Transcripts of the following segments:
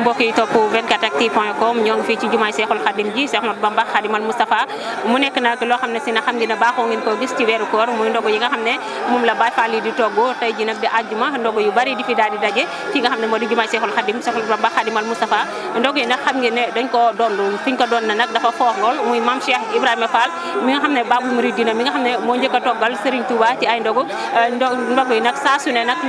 mbokk yi topp 24actu point com ñoo ngi fii ci jumaay seexul xadim ji Seex Ahmadu Bamba Xadimal Mustafa mu nekk nag loo xam ne si na xam dina baaxoo ngeen ñu a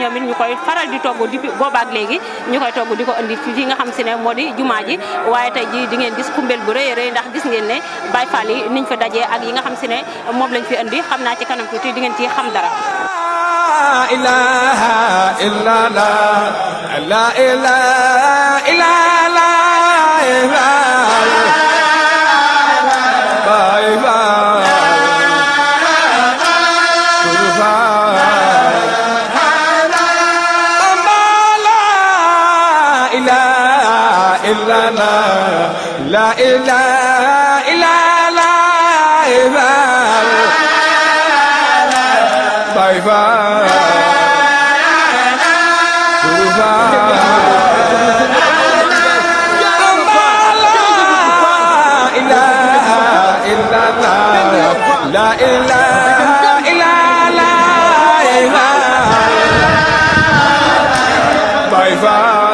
euh, koy faral di togg di boobaak léegi ñu koy togg di ko indi nga xam si ne moo di jumaa ji waaye tey ji di gis kumbel bu rëy rëy ndax gis ngeen ne Baay Faal yi niñ fa dajee ak yi nga xam si ne moom lañ fi indi xam naa ci kanam tuuti di ngeen ci xam dara ilaha illa la la ilaha illa la إلا لا لا إله إلا لا طيبة لا إله إلا لا إله طيبة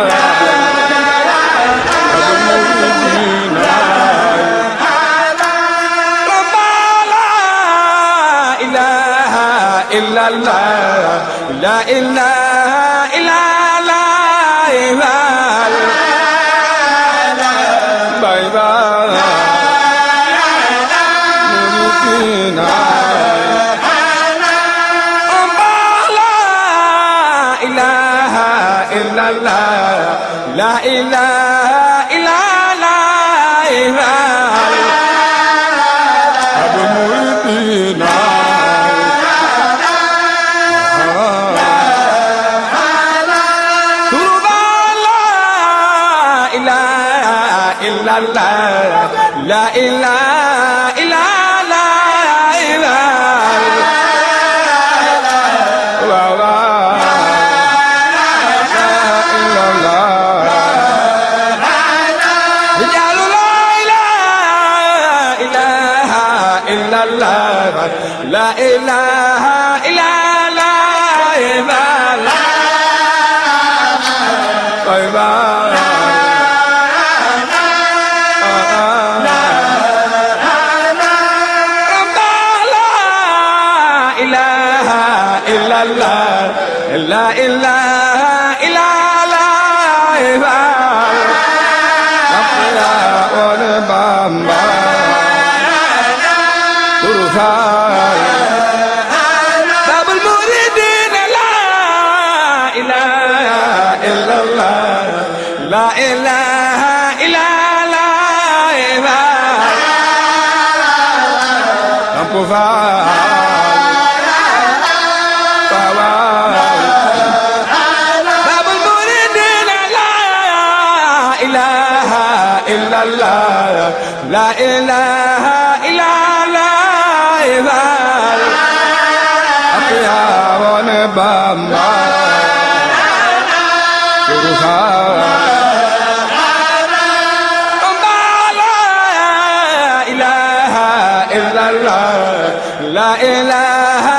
إلا الله لا إله الله لا إله إلا لا إله لا إله إلا لا إله لا إله illallah la ilaha illallah لا إله إلا الله أقيا ونبما ترخى لا إله إلا الله لا إله